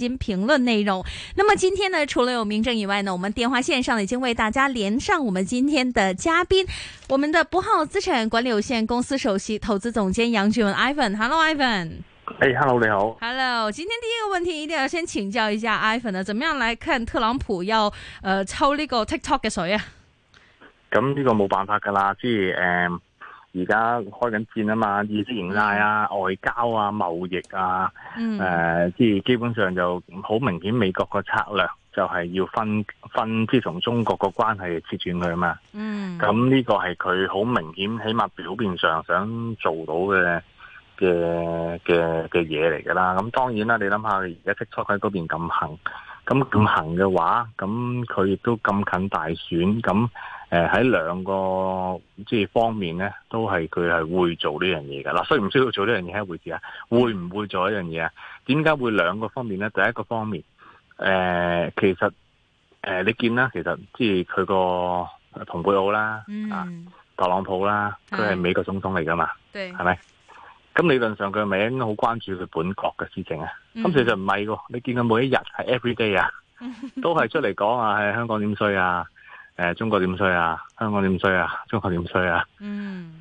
經評論內容。那麼今天呢，除了有名證以外呢，我們電話線上已經為大家連上我們今天的嘉賓，我們的博浩資產管理有限公司首席投資總監楊俊文 （Ivan）。Hello，Ivan。Hey, hello, 你好。Hello，今天第一個問題一定要先請教一下 Ivan 呢，怎麼樣來看特朗普要呃抽呢個 TikTok 嘅水啊？咁、這、呢個冇辦法㗎喇，即係誒。呃而家開緊戰啊嘛，意識形態啊、外交啊、貿易啊，誒、嗯，即、呃、係基本上就好明顯美國個策略就係要分分之從中國個關係切轉佢啊嘛。咁、嗯、呢個係佢好明顯，起碼表面上想做到嘅嘅嘅嘅嘢嚟㗎啦。咁當然啦，你諗下，而家特朗普喺嗰邊咁行，咁咁行嘅話，咁佢亦都咁近大選咁。誒、呃，喺兩個即係方面咧，都係佢係會做呢樣嘢噶。嗱、啊，需唔需要做呢樣嘢係一回事啊？會唔會做呢樣嘢啊？點解會兩個方面咧？第一個方面，誒、呃，其實誒、呃，你見啦，其實即係佢個蓬佩奧啦、嗯，啊，特朗普啦，佢係美國總統嚟噶嘛，係咪？咁理論上佢咪應該好關注佢本國嘅事情啊？咁其實唔係喎，你見佢每一日係 every day 啊，都係出嚟講啊，喺、 哎、香港點衰啊！誒，中國點衰啊？香港點衰啊？中國點衰啊？嗯，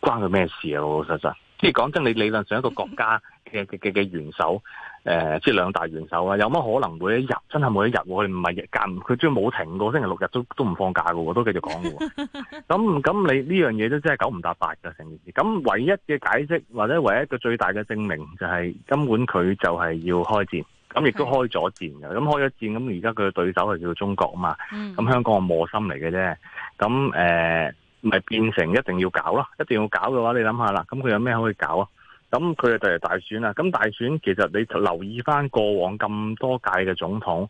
關佢咩事啊？老老實實，即係講真，你理論上一個國家嘅嘅嘅元首，誒、 呃，即係兩大元首啊，有乜可能每一日真係每一日？佢唔係日間，佢仲要冇停過，星期六日都都唔放假噶，我都繼續講喎，咁 咁，你呢樣嘢都真係九唔搭八噶，成件事。咁唯一嘅解釋或者唯一嘅個最大嘅證明就係、是，根本佢就係要開戰。咁亦都開咗戰嘅，咁開咗戰，咁而家佢嘅對手係叫中國啊嘛，咁香港係磨心嚟嘅啫，咁誒咪變成一定要搞啦，一定要搞嘅話，你諗下啦，咁佢有咩可以搞啊？咁佢就第日大選啦，咁大選其實你留意翻過往咁多屆嘅總統，誒、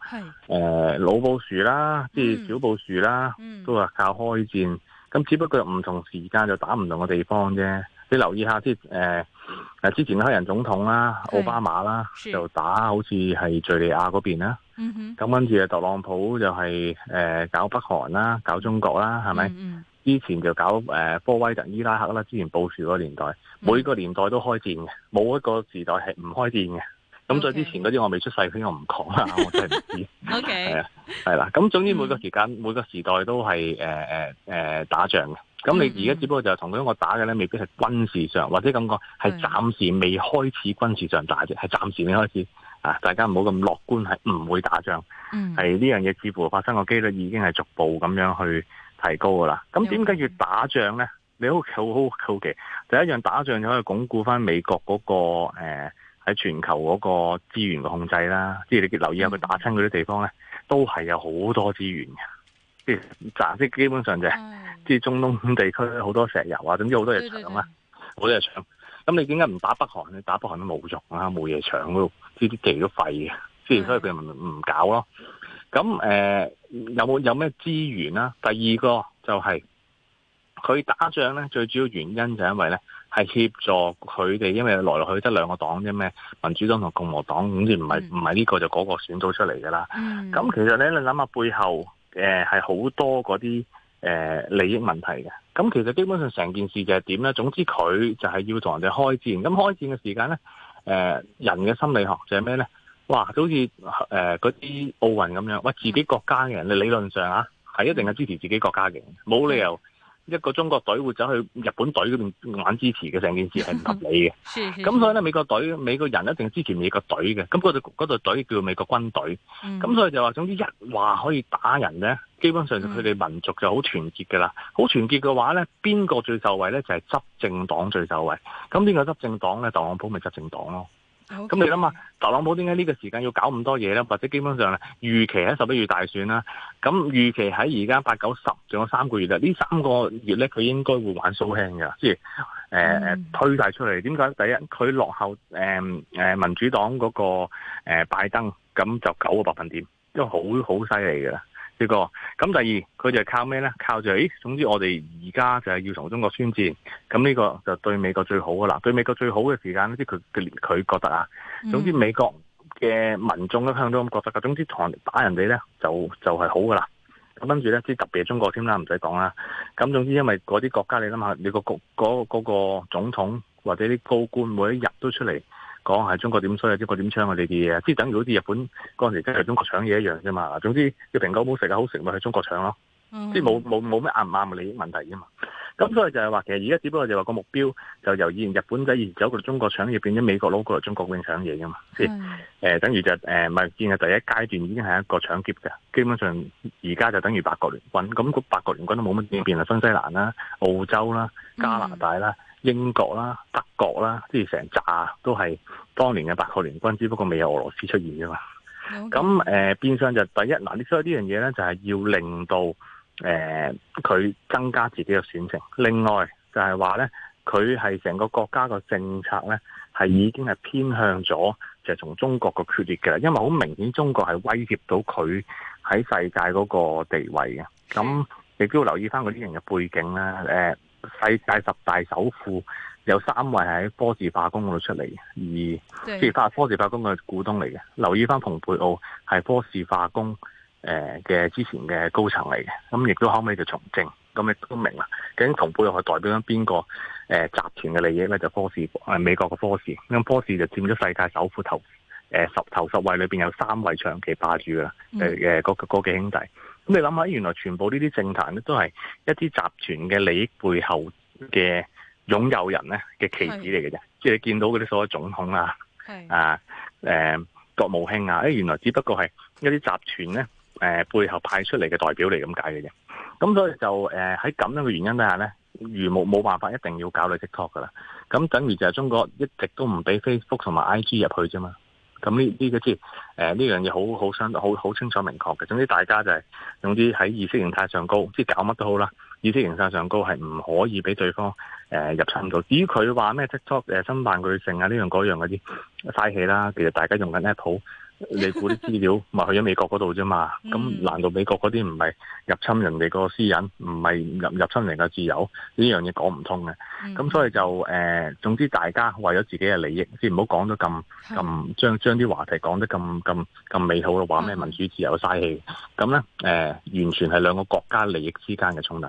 呃、老布殊啦，即係小布殊啦，嗯、都係靠開戰，咁只不過唔同時間就打唔同嘅地方啫。你留意下啲。誒、呃。誒，之前黑人總統啦，奧巴馬啦，是就打好似係敘利亞嗰邊啦。咁、嗯、跟住，特朗普就係、是、誒、呃，搞北韓啦，搞中國啦，係咪？之、嗯嗯、前就搞誒、呃，波威特、伊拉克啦。之前布殊個年代，嗯、每個年代都開戰嘅，冇一個時代係唔開戰嘅。咁、okay. 再之前嗰啲我未出世，所以我唔講啦， 我真係唔知。O K，係啊，係啦。咁總之每個時間、嗯、每個時代都係誒誒誒打仗嘅。咁、嗯、你而家只不過就係同佢一個打嘅，咧，未必係軍事上，或者咁講係暫時未開始軍事上打啫，係暫時未開始。啊，大家唔好咁樂觀，係唔會打仗，係、嗯、呢樣嘢，似乎發生個幾率已經係逐步咁樣去提高噶啦。咁點解要打仗咧？你好好好好奇。第一樣打仗就可以鞏固翻美國嗰、嗰個誒喺、呃、全球嗰個資源嘅控制啦。即、就、係、係、你留意下佢打親嗰啲地方咧，都係有好多資源嘅。即係，基本上就，即係中東地區好多石油啊，總之好多嘢搶啊，好多嘢搶。咁你點解唔打北韓？你打北韓都冇用啊，冇嘢搶，呢啲地都廢嘅，即係所以佢唔唔搞咯。咁誒、呃，有冇有咩資源啦、啊？第二個就係、是、佢打仗咧，最主要原因就係因為咧係協助佢哋，因為來來去去得兩個黨啫咩，民主黨同共和黨，總之唔係唔係呢個就嗰、是、個選到出嚟噶啦。咁其實咧，你諗下背後。誒、呃，係好多嗰啲誒利益問題嘅，咁其實基本上成件事就係點咧？總之佢就係要同人哋開戰，咁開戰嘅時間咧，誒、呃、人嘅心理學就係咩咧？哇，就好似誒嗰啲奧運咁樣，喂、呃、自己國家嘅人，你理論上啊係一定係支持自己國家嘅，冇理由。一個中國隊會走去日本隊嗰邊玩，支持嘅，成件事係唔合理嘅，咁 所以咧，美國隊，美國人一定支持美國隊嘅，咁嗰度隊叫美國軍隊，咁、嗯、所以就話總之一話可以打人咧，基本上佢哋民族就好團結噶啦，好團結嘅話咧，邊個最受惠咧？就係、是、執政黨最受惠，咁邊個執政黨咧？特朗普咪執政黨咯。咁你諗下，特朗普點解呢個時間要搞咁多嘢咧？或者基本上啊，預期喺十一月大選啦，咁預期喺而家八九十仲有三個月啦，呢三個月咧，佢應該會玩蘇輕噶，即係誒誒推曬出嚟。點解？第一，佢落後誒、呃呃、民主黨嗰、那個、呃、拜登，咁就九個百分點，因為好好犀利嘅啦。呢個，咁第二佢就係靠咩咧？靠住誒、哎，總之我哋而家就係要同中國宣戰，咁呢個就對美國最好噶啦，對美國最好嘅時間咧，即係佢佢覺得啊，總之美國嘅民眾一向都咁覺得噶，總之同打人哋咧就就係、是、好噶啦。咁跟住咧，即特別係中國添啦，唔使講啦。咁總之因為嗰啲國家你諗下，你想想美國、那個國嗰嗰個總統或者啲高官每一日都出嚟。講係中國點衰，中國點搶啊呢啲嘢，即係等於好似日本嗰陣時真係中國搶嘢一樣啫嘛。總之，你蘋果唔好食啊，好食咪去中國搶咯。即係冇冇冇咩啱唔啱嘅利益問題噶嘛。咁所以就係話，其實而家只不過就話個目標就由以前日本仔以前走過嚟，中國搶嘢，變咗美國佬過嚟中國嚟搶嘢噶嘛。即係誒，等於就誒貿易戰嘅第一階段已經係一個搶劫嘅，基本上而家就等於八國聯軍。咁八國聯軍都冇乜變變啊，新西蘭啦、澳洲啦、加拿大啦。Mm-hmm. 英國啦、德國啦，即係成扎都係當年嘅八國聯軍，只不過未有俄羅斯出現啫嘛。咁、okay. 誒，變、呃、相就第一嗱，你所以這件事呢樣嘢咧，就係、是、要令到誒佢、呃、增加自己嘅選情。另外就係話咧，佢係成個國家嘅政策咧，係已經係偏向咗就係從中國嘅決裂嘅，因為好明顯中國係威脅到佢喺世界嗰個地位嘅。咁你都要留意翻嗰啲人嘅背景啦，誒、呃。世界十大首富有三位喺科士化工嗰度出嚟，而即係科士化工嘅股東嚟嘅。留意翻蓬佩奧係科士化工誒嘅之前嘅高層嚟嘅，咁亦都後尾就從政，咁你都明啦。究竟蓬佩奧係代表咗邊個誒集團嘅利益咧？就係科士誒、哎、美國嘅科士，咁科士就佔咗世界首富頭誒十頭十位裏邊有三位長期霸住噶，誒誒嗰嗰幾兄弟。咁你諗下，原來全部呢啲政壇咧都係一啲集團嘅利益背後嘅擁有人咧嘅棋子嚟嘅啫，即係你見到嗰啲所謂總統啊，啊，誒、呃，國務卿啊，誒，原來只不過係一啲集團咧，誒、呃，背後派出嚟嘅代表嚟咁解嘅啫。咁所以就誒喺咁樣嘅原因底下咧，如冇冇辦法一定要搞 TikTok 噶啦，咁等於就係中國一直都唔俾 Facebook 同埋 IG 入去啫嘛。咁呢呢個知，誒呢樣嘢好好清，好好清楚明確嘅。總之大家就係、是，總之喺意識形態上高，即係搞乜都好啦，意識形態上高係唔可以俾對方誒、呃、入侵到。至於佢話咩 t i k TikTok 誒侵犯佢性啊呢樣嗰樣嗰啲嘥氣啦，其實大家用緊 Apple。你估啲資料咪去咗美國嗰度啫嘛？咁難道美國嗰啲唔係入侵人哋個私隱，唔係入入侵人嘅自由，呢樣嘢講唔通嘅？咁所以就誒、呃，總之大家為咗自己嘅利益，先唔好講得咁咁，將將啲話題講得咁咁咁美好，話咩民主自由嘥氣？咁咧誒，完全係兩個國家利益之間嘅衝突。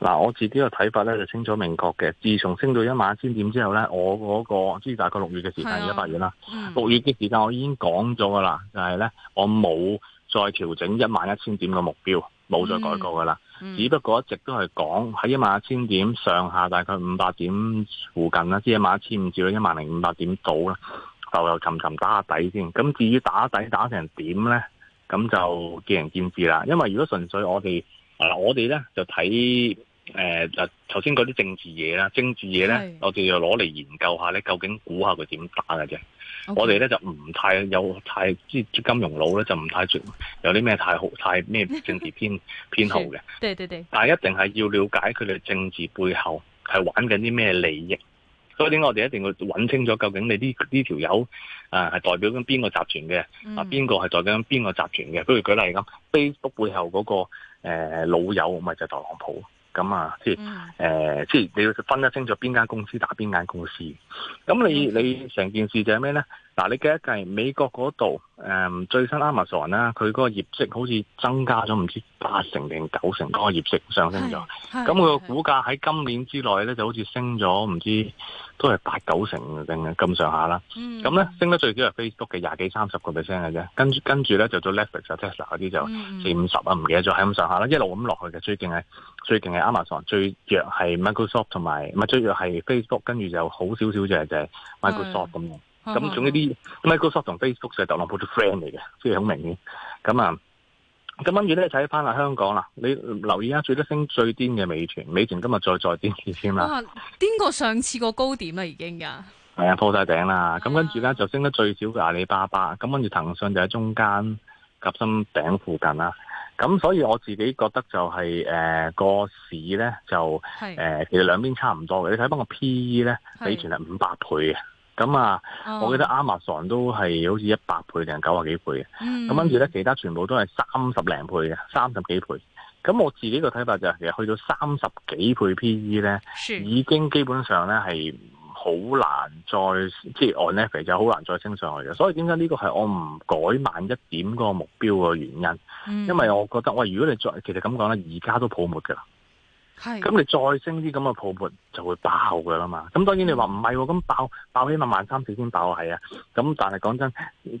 嗱，我自己個睇法咧就清楚明確嘅。自從升到一萬一千點之後咧，我嗰、嗰個即係大概六月嘅時間已經發言啦。六月嘅時間我已經講咗噶啦，就係、係、咧我冇再調整一萬一千點嘅目標，冇再改過噶啦。只不過一直都係講喺一萬一千點上下大概五百點附近啦，即係一萬一千五至到一萬零五百點度啦，就又沉沉打下底先。咁至於打底打成點咧，咁就見仁見智啦。因為如果純粹我哋我哋咧就睇。誒、呃，嗱，頭先嗰啲政治嘢啦，政治嘢咧，okay. 我哋就攞嚟研究下咧，究竟估下佢點打嘅啫。Okay. 我哋咧就唔太有太即係金融佬咧，就唔太有啲咩太好太咩政治偏 偏好嘅的。 對對對，但係一定係要了解佢哋政治背後係玩緊啲咩利益。所以點解我哋一定要搵清楚，究竟你呢呢條友啊係代表緊邊個集團嘅、嗯？啊，邊個係代表緊邊個集團嘅？不如舉例咁、mm.，Facebook 背後嗰、那個誒、呃、老友咪就是、特朗普。咁啊，即、嗯、係，誒、呃，即係你要分得清楚邊間公司打邊間公司，咁你、嗯、你成件事就係咩咧？嗱、啊，你計一計，美國嗰度，誒、嗯、最新 Amazon 啦，佢嗰個業績好似增加咗唔知八成定九成，嗰個業績上升咗。咁佢個股價喺今年之內咧，就好似升咗唔知都係八九成定係咁上下啦。咁咧、嗯、升得最少係 Facebook 嘅廿幾三十個 percent 嘅啫。跟跟住咧就做 Netflix、嗯、Tesla 嗰啲就四五十啊，唔記得咗，係咁上下啦，一路咁落去嘅。最勁係最勁係 Amazon，最弱係 Microsoft 同埋唔係最弱係 Facebook，跟住就好少少就係、是、就係 Microsoft 咁樣。咁、嗯、仲有啲、嗯、Microsoft 同 Facebook 就係特朗普啲 friend 嚟嘅，非常明顯咁啊，咁跟住咧睇翻啦，香港啦，你留意下最得升最癲嘅美團，美團今日再再癲先啦。癲、啊、過上次個高點啦，已經噶。係啊，破晒頂啦。咁跟住咧就升得最少嘅阿里巴巴。咁跟住騰訊就喺中間夾心頂附近啦。咁所以我自己覺得就係誒個市咧就誒、呃、其實兩邊差唔多嘅。你睇翻個 P E 咧，美團係五百倍嘅。咁啊，oh. 我記得 Amazon 都係好似一百倍定九十幾倍嘅，咁跟住咧其他全部都係三十零倍嘅，三十幾倍。咁我自己個睇法就係、是、其實去到三十幾倍 P E 咧，已經基本上咧係好難再，即係按 n e l 就好難再升上去嘅。所以點解呢個係我唔改慢一點個個目標嘅原因？Mm. 因為我覺得喂，如果你再其實咁講咧，而家都泡沫啦係，咁你再升啲咁嘅泡沫就會爆噶啦嘛。咁當然你話唔係，咁爆爆起碼萬三四千爆係啊。咁但係講真，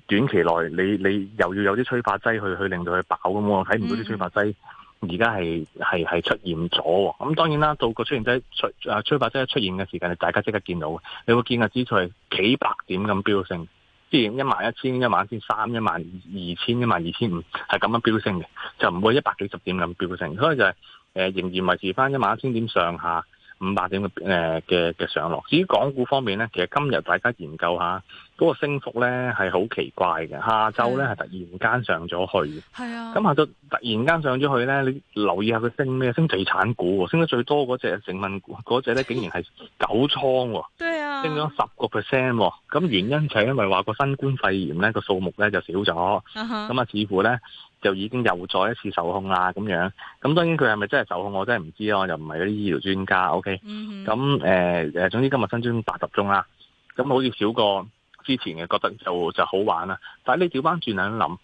短期內你你又要有啲催化劑去去令到佢爆咁喎。我睇唔到啲催化劑而家係係係出現咗。咁當然啦，到個催化劑出啊催化劑出現嘅時間，大家即刻見到嘅。你會見個指數係幾百點咁飆升，即係一萬一千、一萬一千三、一萬二千、一萬二千五，係咁樣飆升嘅，就唔會一百幾十點咁飆升。所以就係、是。誒、呃，仍然維持返一萬一千點上下、五百點嘅誒、嘅嘅上落。至於港股方面咧，其實今日大家研究下嗰、那個升幅咧係好奇怪嘅，下晝咧係突然間上咗去。啊！咁下晝突然間上咗去咧，你留意下佢升咩？升地產股喎，升得最多嗰隻成份股嗰隻咧，竟然係九倉喎。啊、 哦，升咗十個 percent 喎。咁、哦、原因就係因為話個新冠肺炎咧、那個數目咧就少咗。咁啊，似乎咧。就已經又再一次受控啦，咁樣，咁當然佢係咪真係受控，我真係唔知咯，我又唔係嗰啲醫療專家，OK，咁誒誒，總之今日新冠八十宗啦，咁好似少過之前嘅，覺得就就好玩啦。但係你調翻轉嚟諗，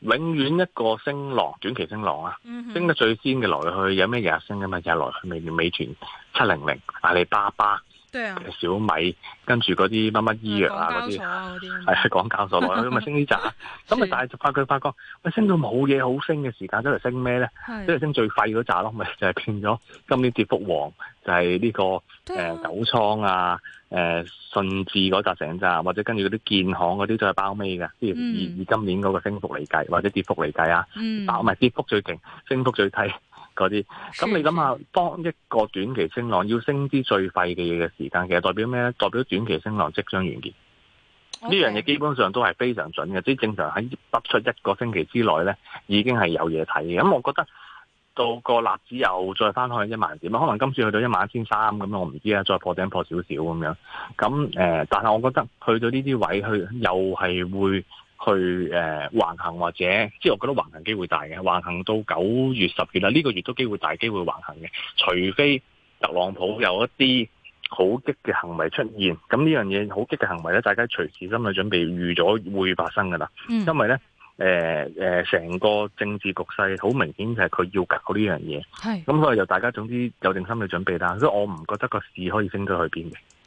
永遠一個升浪，短期升浪啊，mm -hmm. 升得最先嘅來去，有咩日升噶嘛？日、就是、來去美美團七零零、700，阿里巴巴。對啊、小米跟住嗰啲乜乜醫藥啊嗰啲，係啊，講交易所咁咪升呢扎，咁咪但係就發覺發覺，喂， 升到冇嘢好升嘅時間，真、就、係、是、升咩咧？真係、就是、升最快嗰扎咯，咪就係、是、變咗今年跌幅王，就係、是、呢、這個誒九倉啊，誒、呃、信、啊呃、置嗰扎成扎，或者跟住嗰啲建行嗰啲，就係包尾嘅，即、嗯、係以今年嗰個升幅嚟計，或者跌幅嚟計、嗯、啊，包咪跌幅最勁，升幅最低。啲，咁你諗下，當一個短期升浪要升至最廢嘅嘢嘅時間，其實代表咩咧？代表短期升浪即將完結。呢樣嘢基本上都係非常準嘅，即係正常喺不出一個星期之內咧，已經係有嘢睇嘅。咁我覺得到個納指又再返去一萬點，可能今次去到一萬一千三咁樣，我唔知啊，再破頂破少少咁樣。咁誒、呃，但係我覺得去到呢啲位，佢又係會。去誒、呃、橫行或者，即係我覺得橫行機會大嘅，橫行到九月、十月啦，呢、啊呢個月都機會大，機會橫行嘅，除非特朗普有一啲好激嘅行為出現，咁呢樣嘢好激嘅行為咧，大家隨時心理準備預咗會發生㗎啦、嗯，因為咧誒成個政治局勢好明顯就係佢要搞呢樣嘢，係咁所以就大家總之有定心理準備啦，所以我唔覺得個市可以升咗去邊嘅。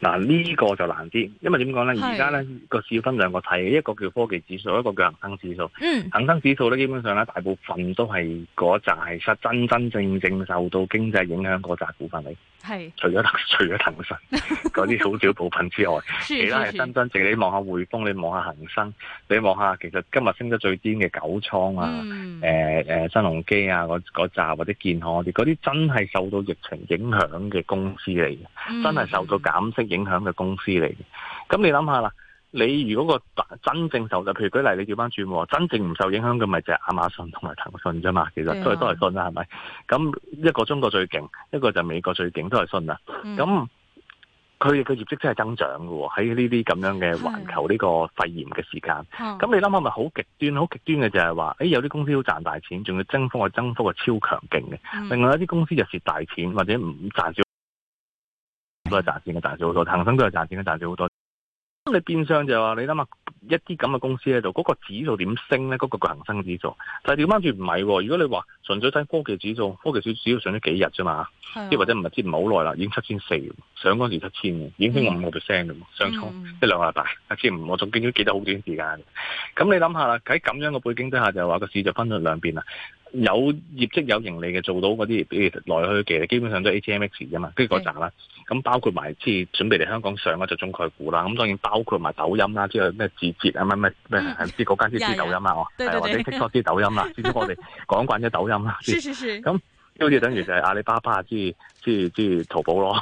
嗱、這、呢個就難啲，因為點講咧？而家咧個市要分兩個睇嘅，一個叫科技指數，一個叫恒生指數。嗯，恒生指數咧，基本上咧大部分都係嗰扎係真真正正受到經濟影響嗰扎股份嚟，係除咗除咗騰訊嗰啲好少部分之外， 其他係真真正。你望下匯豐，你望下恒生，你望下其實今日升得最尖嘅九倉啊，誒、嗯。呃誒，新鴻基啊，嗰嗰扎或者建行嗰啲，嗰啲真係受到疫情影響嘅公司嚟嘅，嗯，真係受到減息影響嘅公司嚟嘅。咁你諗下啦，你如果個真正受到，到譬如舉例，你調翻轉，真正唔受影響嘅咪就係亞馬遜同埋騰訊啫嘛。其實都係都係信啦，係，嗯，咪？咁一個中國最勁，一個就美國最勁，都係信啦。咁。佢哋嘅業績真係增長㗎喎，喺呢啲咁樣嘅環球呢個肺炎嘅時間，咁你諗下，咪好極端，好極端嘅就係話，誒、哎、有啲公司好賺大錢，仲要增幅嘅增幅嘅超強勁嘅。另外一啲公司就蝕大錢，或者唔賺少，都係賺錢嘅賺少好多，騰訊都係賺錢嘅賺少好多。咁你變相就話，你諗下。一啲咁嘅公司喺度，嗰、嗰個指數點升咧？嗰、嗰個恒生指數，但係調翻轉唔係。如果你話純粹睇科技指數，科技指數只要上咗幾日啫嘛，即、啊、或者唔係即係唔係好耐啦，已經七千四，上嗰時七千已經升五個 percent 嘅，上衝、嗯、一兩下大。阿志，我仲結都記得好短時間。咁你諗下啦，喺咁樣嘅背景底下，就話個市就分咗兩邊啦。有業績有盈利嘅做到嗰啲，比如來去嘅，基本上都 A T M X 啫嘛。跟住嗰扎啦，咁包括埋即係準備嚟香港上嗰隻中概股啦。咁當然包括埋抖音啦，即係咩字節啊，咩咩咩，唔知嗰間知唔知抖音啊？哦、嗯，係或者 TikTok 抖音啦。之 前我哋講慣咗抖音啦。是是是。咁好似等於就係阿里巴巴即即之即之淘寶咯。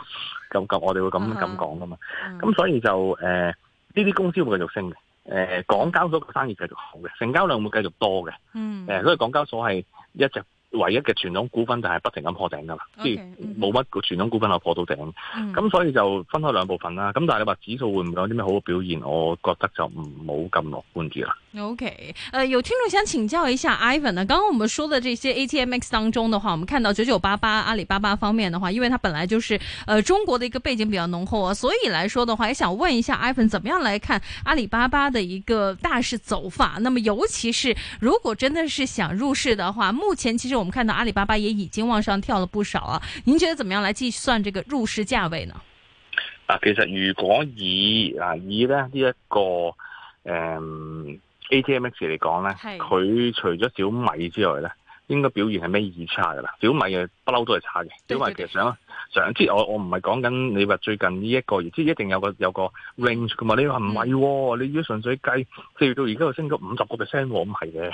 咁咁我哋會咁咁講噶嘛。咁、嗯、所以就誒呢啲公司會繼續升嘅。誒、呃，港交所嘅生意繼續好嘅，成交量會繼續多嘅。嗯，誒、呃，所以港交所係一直。唯一嘅傳統股份就係不停咁破頂噶啦，即係冇乜傳統股份又破到頂，咁、嗯、所以就分開兩部分啦。咁但係你話指數會唔會有啲咩好嘅表現？我覺得就唔冇咁樂觀住啦。OK，呃、有聽眾想請教一下 Ivan 呢，剛剛我們說的這些 ATMX 當中的話，我們看到九九八八阿里巴巴方面的話，因為它本來就是、呃、中國嘅一個背景比較濃厚啊，所以來說的話，也想問一下 Ivan，怎麼樣來看阿里巴巴嘅一個大勢走法？那麼尤其是如果真的是想入市的話，目前其實我們我們看到阿里巴巴也已經往上跳了不少啊！您覺得怎麼樣來計算這個入市價位呢？啊，其實如果以啊以咧呢一個這個誒 A T M X 嚟講咧，係佢、嗯、除咗小米之外咧，應該表現係咩二差噶啦？小米誒不嬲都係差嘅，小米其實想。即係我我唔係講緊你話最近呢、這、一個月，即係一定有個有個 range 噶嘛、哦？你話唔係，你如果純粹計四月到而家又升咗五十個 percent，我唔係嘅，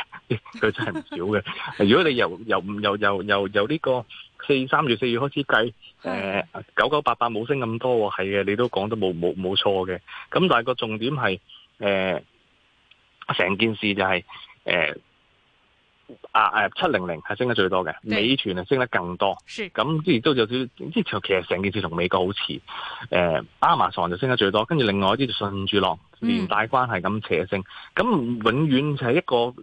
佢真係唔少嘅。 如果你由由由由由呢個四三月四月，月開始計，誒九九八八冇升咁多，係嘅，你都講得冇冇冇錯嘅。咁但係個重點係成、呃、件事就係、是呃啊誒，七零零係升得最多嘅，美團係升得更多。咁即係都有少，即其實成件事同美國好似。誒、呃，亞馬遜就升得最多，跟住另外一啲就順住落，連帶關係咁斜升。咁、嗯、永遠就係一個。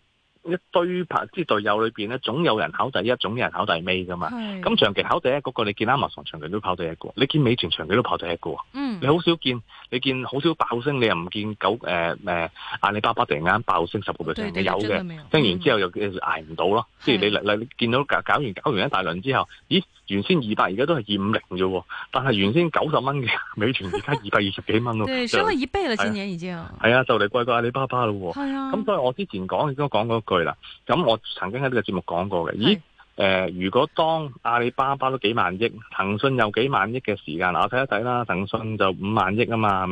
一堆朋啲隊友裏邊咧，總有人考第一，總有人考第尾噶嘛。咁長期考第一嗰、那個，你見 Amazon，長期都考第一個，你見美團，長期都考第一,一個。嗯，你好少見，你見好少爆升，你又唔見九誒誒阿里巴巴突然間爆聲十個、哦嗯、升十倍嘅，有嘅。升完之後又捱唔到咯，即係你嚟你見到搞搞完搞完一大輪之後，咦？原先二百而家都係二五零啫，但係原先九十蚊嘅美團而家二百二十幾蚊咯， 對，升咗一倍啦！今年已經係啊，啊，就嚟，貴過阿里巴巴咯。係啊，咁所以我之前講，亦都講過一句啦。咁我曾經喺呢個節目講過嘅，咦？誒、呃，如果當阿里巴巴都幾萬億，騰訊有幾萬億嘅時間嗱，我睇一睇啦。騰訊就五萬億啊嘛，係、嗯、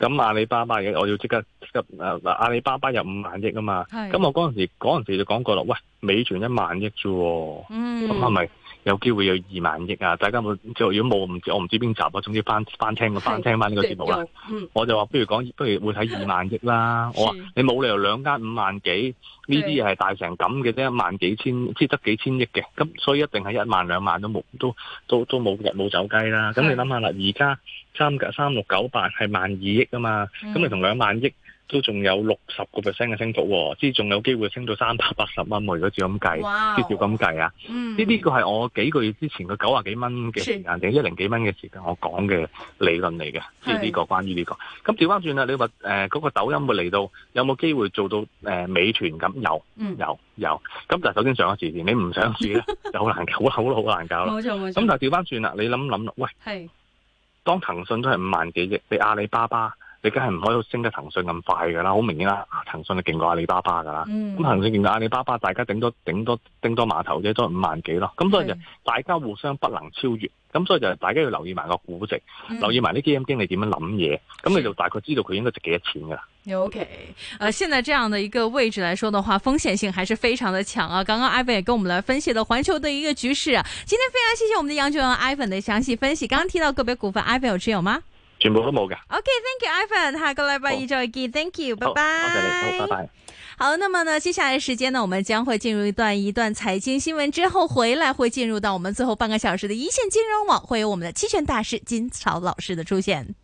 咪？咁阿里巴巴嘅我要即刻即刻嗱、啊、阿里巴巴有五萬億啊嘛。咁我嗰陣時嗰陣時就講過啦，喂，美團一萬億啫、哦，咁係咪？有機會有二萬億啊！大家冇即如果冇，我唔知，我唔知邊集啊。總之翻翻聽、啊、翻聽翻呢個節目啦、啊嗯。我就話，不如講，不如會睇二萬億啦。我話你冇理由兩間五萬幾呢啲嘢係大成咁嘅啫，一萬幾千，即得幾千億嘅。咁所以一定係一萬兩萬都冇，都都都冇日冇走雞啦。咁你諗下啦，而家三三六九八係萬二億啊嘛，咁你同兩萬億。都仲有六十個 percent 嘅升幅，即係仲有機會升到三百八十蚊。如果照咁計，即照咁計啊！呢啲個係我幾個月之前個九啊幾蚊嘅時間定一零幾蚊嘅時間，我講嘅理論嚟嘅。即係呢個關於呢個。咁調翻轉啦，你話誒嗰個抖音會嚟到，有冇機會做到誒、呃、美團咁有有有？咁、嗯、但係首先上個時段你唔想試咧，就 好難搞，好好難搞。冇錯冇錯。咁但係調翻轉啦，你諗諗啦，喂，當騰訊都係五萬幾億，你阿里巴巴？而家係唔可以升得騰訊咁快噶啦，好明顯啦，騰訊係勁過阿里巴巴噶啦。咁騰訊勁過阿里巴巴，大家頂多頂多頂多碼頭啫，都係五萬幾咯。咁所以就大家互相不能超越，咁所以就大家要留意埋個估值，留意埋啲基金經理點樣諗嘢，咁、嗯、你就大概知道佢應該值幾多錢噶啦。OK，呃現在這樣的一個位置來說的話，風險性還是非常的強啊。剛剛 Ivan 也跟我們來分析了環球對的一個局勢啊。今天非常謝謝我們的楊俊文 Ivan 的詳細分析。剛剛提到個別股份，嗯、Ivan 有持有嗎？全部都冇㗎。OK，thank you，Ivan。下個禮拜一再見，thank you，拜拜。好，多謝你。好，拜拜。好，那麼呢，接下來時間呢，我們將會進入一段一段財經新聞，之後回來會進入到我們最後半個小時的一線金融網，會有我們的期權大師金朝老師的出現。